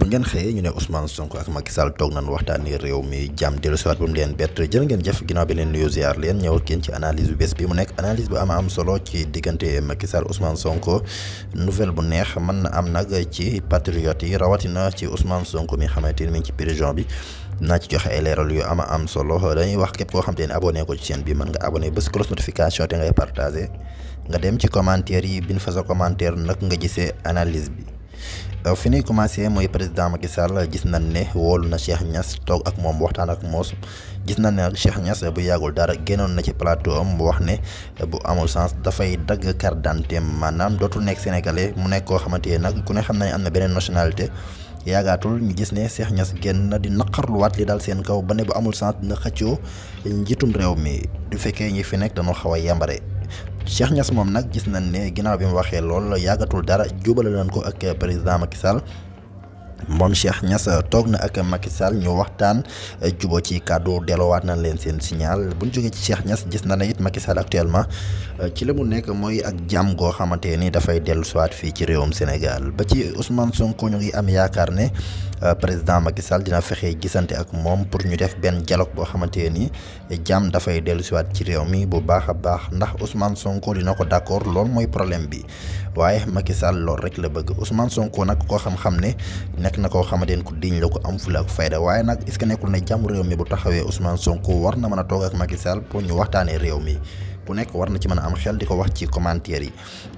bu ngeen xëyee ñu ne Ousmane Sonko ak Macky Sall toog waxtaan waxtaanee réew mi jàmm dellusiwaat ba mu leen bett jërë ngeen jëf ginnaaw bi leen nuyoo ziar leen ñëw ak yéen ci analyse bu bés bi mu nekk analyse am solo ci diggante Macky Sall Ousmane Sonko nouvelle bu neex mën na am nag ci patriote yi rawatina ci Ousmane Sonko mi xamante ni mi ngi ci prison bi naa ci joxe ay leeral yu ama am solo dañuy wax képp koo xam te ne abonné ko ci chaîne bi mën nga abonné bés close notification te ngay partagé nga dem ci commentaire yi bin fa sa commentaire nag nga gisee analyse bi Euh, fi ñuy commencé mooy président Macky Sall gis nañ ne woolu na Cheikh ñas toog ak moom waxtaan ak moos gis nañ ne Cheikh Niass bu yàggul dara génnoon na ci plateau am mu wax ne euh, bu amul sens dafay dagg carte d'identité maanaam dootul nekk sénégalais mu nekk koo xamante ne nag ku ne xam nañ am na beneen nationalité. yaagaatul ñu gis ne Cheikh ñas génn na di naqarluwaat li daal seen kaw ba ne bu amul sens dina xëccoo njiitum réew mi du fekkee ñi fi nekk dañoo xaw a yambare. Cheikh Niass moom nag gis nañ ne ginnaaw bi mu waxee lool yàggatul dara jubale nañ ko ak président Macky Sall moom Cheikh Niass euh, toog na ak Macky Sall ñu waxtaan euh, jubo ci kàddu dellowaat na leen seen signal bu ñu jógee ci Cheikh Niass gis na ne it Macky actuellement euh, ci li mu nekk mooy ak jàmm goo xamante ni dafay dellu siwaat fii ci réewam Sénégal ba ci Ousmane Sonko ñu ngi am yaakaar ne président Macky Sall dina fexe gisante ak moom pour ñu def benn dialogue boo xamante ni jàmm dafay dellu siwaat ci réew mi bu baax a baax ndax Ousmane Sonko dina ko d'accord lool mooy problème bi waaye Macky Sall loolu rek la bëgg Ousmane Sonko nag koo xam ne. nekk na koo xamante ne ku diñ la ko am fula ak fayda waaye nag est-ce que nekkul ne jàmm réew mi bu taxawee Ousmane Sonko war na mën a toog ak Macky Sall pour ñu waxtaanee réew mi bu nekk war na ci mën a am xel di ko wax ci commentaire yi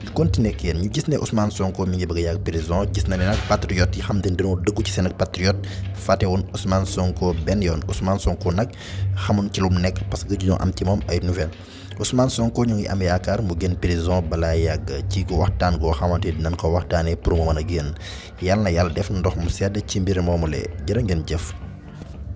ñu continuer ak yéen ñu gis ne Ousmane Sonko mi ngi bëgg a yàgg prison gis na ne nag patriote yi xam te ne dañoo dëggu ci seen ak patriote fàtte woon Ousmane Sonko benn yoon Ousmane Sonko nag xamun ci lu mu nekk parce que dañoo am ci moom ay nouvelles Ousmane Sonko ñu ngi am yaakaar mu génn prison balaa yàgg ci waxtaan goo xamante dinañ ko waxtaanee pour mu mën a génn yàlla na yàlla def ndox mu sedd ci mbir moomu lee jërë ngeen jëf.